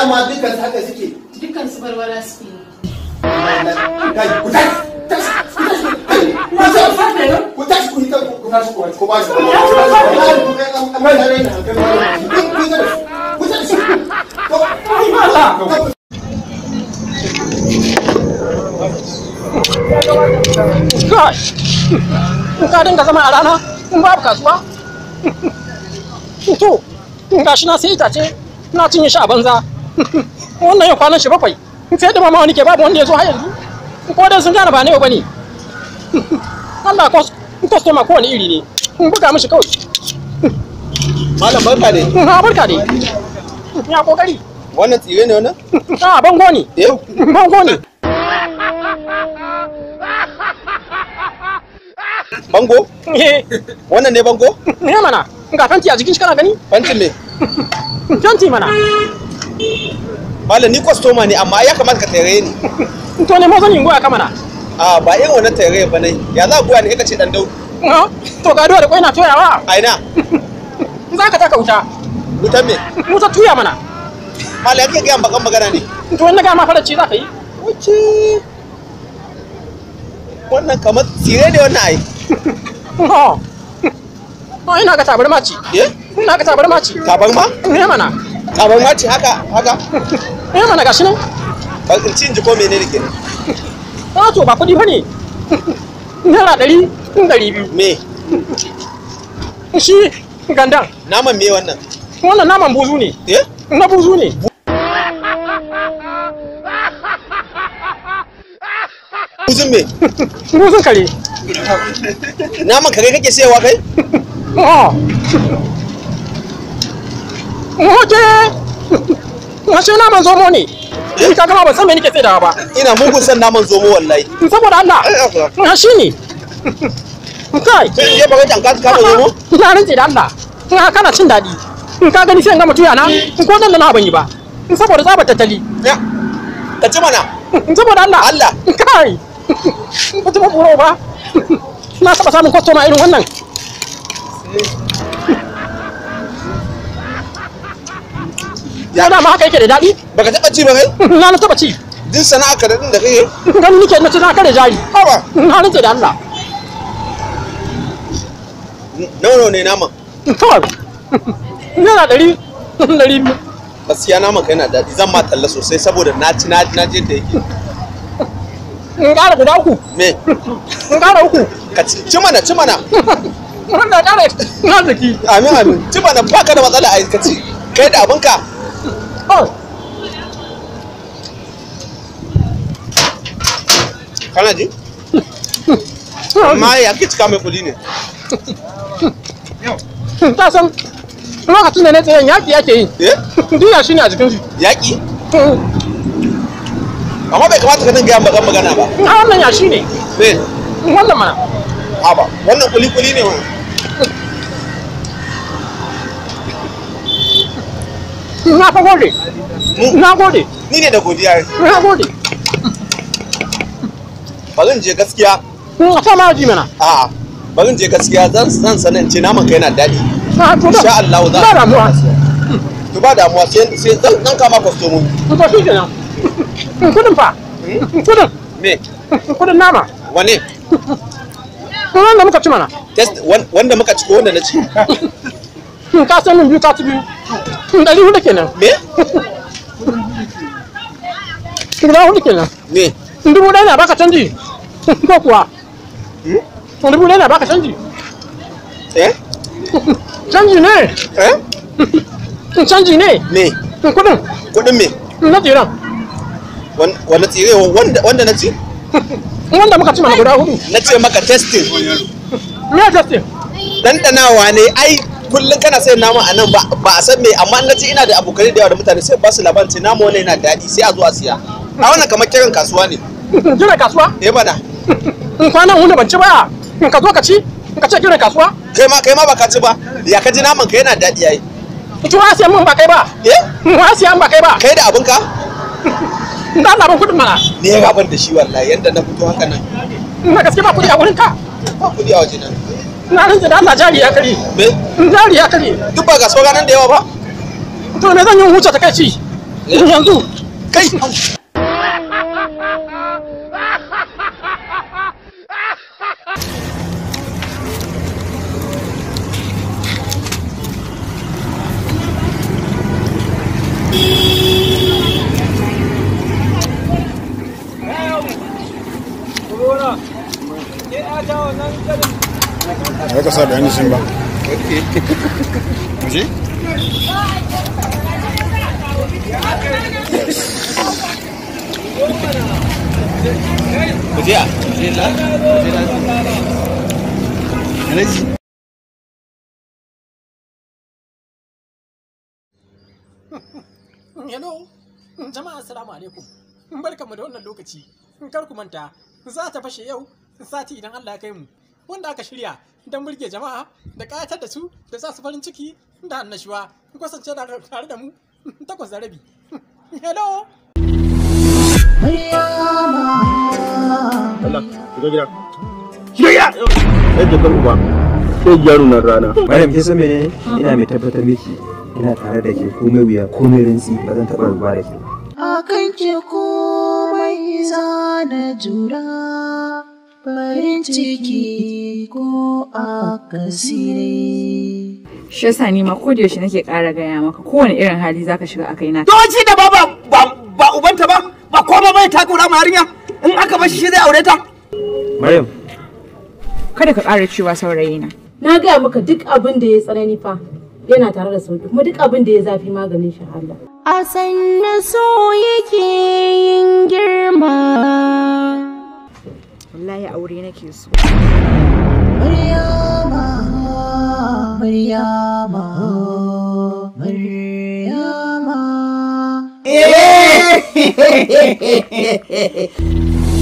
dama dukkan su haka suke dukkan su barbara suke kai ku tashi Gosh! dinga zama a rana, in babu kasuwa? To, gashi na sai itace, na cinye shi a banza. wannan ya kwanan shi bakwai sai da mama wani ke babu wanda ya zo har yanzu ko dan sun gane ba ne ba ne Allah ko customer ko wani iri ne in buga mishi kawai malam barka dai ha barka dai ya kokari wannan tsire ne wannan a ah, bango ne eh bango ne bango eh. wannan ne bango ne mana ga fanti a jikin shi kana gani fanti me fanti mana malam ni kwastoma ne amma ya kamata ka tare ni to ne ma zan yin goya kamana a ba irin wannan tare ba ne ya za goya ne kaka ce dan dau to ga da kwai na toyawa aina in za ka taka wuta wuta me wuta tuya mana malam yake ga bakan magana ne to wannan ga ma ci za ka yi wuce wannan kamar tsire ne wannan ai Oh, ina ga tabarma ce. Eh? Ina ga tabarma ce. Tabarma? Ne mana. Kaban wace haka haka? Eh mana gashi nan. Ba in ci ji ko menene ke? Ah to ba kuɗi bane. Naira ɗari in ɗari biyu. Me? Shi gandan. Naman me wannan? Wannan naman buzu ne. Eh? Na buzu ne. Buzun me? Buzun kare. Naman kare kake sayawa kai? Oh. Muke! Washe naman zomo ne. In ka gama ban san me nake sai da ba. Ina mugun san naman zomo wallahi. Saboda Allah. Eh, na shi ne. Kai. Sai je baka tanka ka zomo. Na rantsi da Allah. Ina kana cin daɗi. In ka gani sai in gama tuya na. In ko zan da na ban yi ba. In saboda tsaba tattali. Ya. Ka ci mana. In saboda Allah. Allah. Kai. Ba ta ba ba. Na saba samun kwastoma irin wannan. Eh. ya da ma haka yake da daɗi baka taɓa ci ba kai na na taɓa ci din sana'a ka daɗin da yi. gani nake na ci na kare jari haba na rantsa da Allah nawa ne nama kawai yana ɗari ɗari biyu gaskiya nama kai na daɗi zan ma talla sosai saboda na ci na je ta yake in ƙara guda uku me in ƙara uku ka ci mana ci mana wannan ƙara na zaki amin amin ci mana ba ka da matsala a ka ci kai da abinka Oh. kana ji? amma ya ke cika mai kuli ne ta san lokacin da ya tsayen ya yake yi eh? duniya shi ne a jikin Ya yaƙi? amma bai kamata ka dinga ya magana ba a ah, wannan yashi ne mana a ba wannan kuli-kuli ne Na fa gode. Na gode. Ni ne da godiya. Na gode. Ba zan je gaskiya. Mun ta ma ji mana. A'a. Ba zan je gaskiya zan san sanin ce naman kai yana daɗi. Insha Allah za. Ba damuwa. To ba damuwa sai sai zan dan kama kwastomomi. To shi kenan. Kudin fa. Hmm? Kudin. Me? Kudin nama. Wane? Wanda muka ci mana. Wanda muka ci ko wanda na ci. Ka san min biyu ka ci biyu. Dari hudu kenan. Me? Dubu hudu kenan. Me? Dubu ɗaya na baka canji. Ko kuwa? Hmm? Dubu ɗaya na baka canji. Eh? Canji ne. Eh? Canji ne. Me? Kuɗin. Kuɗin me? Na tsiran. Wanda tsire wanda na ci? Wanda muka ci mana guda hudu. Na ce maka testing. Me testing? dan Dandanawa ne ai kullum kana sai nama a nan ba a san me amma na ji ina da abokanai da yawa da mutane sai ba su labarin sai nama wannan yana daɗi sai a zo a siya a wannan kamar kiran kasuwa ne kiran kasuwa eh bana in kwanan hunde ban ci ba in ka zo ka ci in ka ce kiran kasuwa kai ma kai ma ba ka ci ba ya ka ji naman ka yana daɗi yayi ki wa siya mun ba kai ba eh Mun wa siya mun ba kai ba kai da abin ka da labar kudin mana ne ya gaban da shi wallahi yanda na fito haka nan ina gaske ba kudi a wurin ka ba kudi a wajen nan na rantsa da Allah jari ya kare me jari ya kare duk ba gaso ganan da yawa ba to me zan yi huta ta kai ci Ya ka ba. Hello, jama'a assalamu alaikum. Barkamu da wannan lokaci. Kar ku manta, za ta fashe yau, sati idan Allah ya kai mu. wanda aka shirya don burge jama'a da ƙayatar da su da za su farin ciki da annashuwa ku da tare da mu takwas da rabi hello Allah, shiga gida. Shiga gida! Yadda kan uba, sai yaro nan rana. Bayan kisa mene ina mai tabbatar miki ina tare da ke komai wuya komai rintsi ba zan taɓa rubuwa da ke. A kan ke komai za na jura farin ciki ko a kasiri. Shi yasa ni ma ko da yaushe nake ƙara gaya maka kowane irin hali zaka shiga a kaina. To shi da ba ba ubanta ba ba ba bai ta kura yarinya in aka bar shi zai aure ta. Maryam. Kada ka ƙara cewa saurayi na. Na gaya maka duk abin da ya tsanani fa yana tare da sauki kuma duk abin da ya zafi maganin shi Allah. A sanna so yake yin girma. wallahi aure nake so Maryama, Maryama.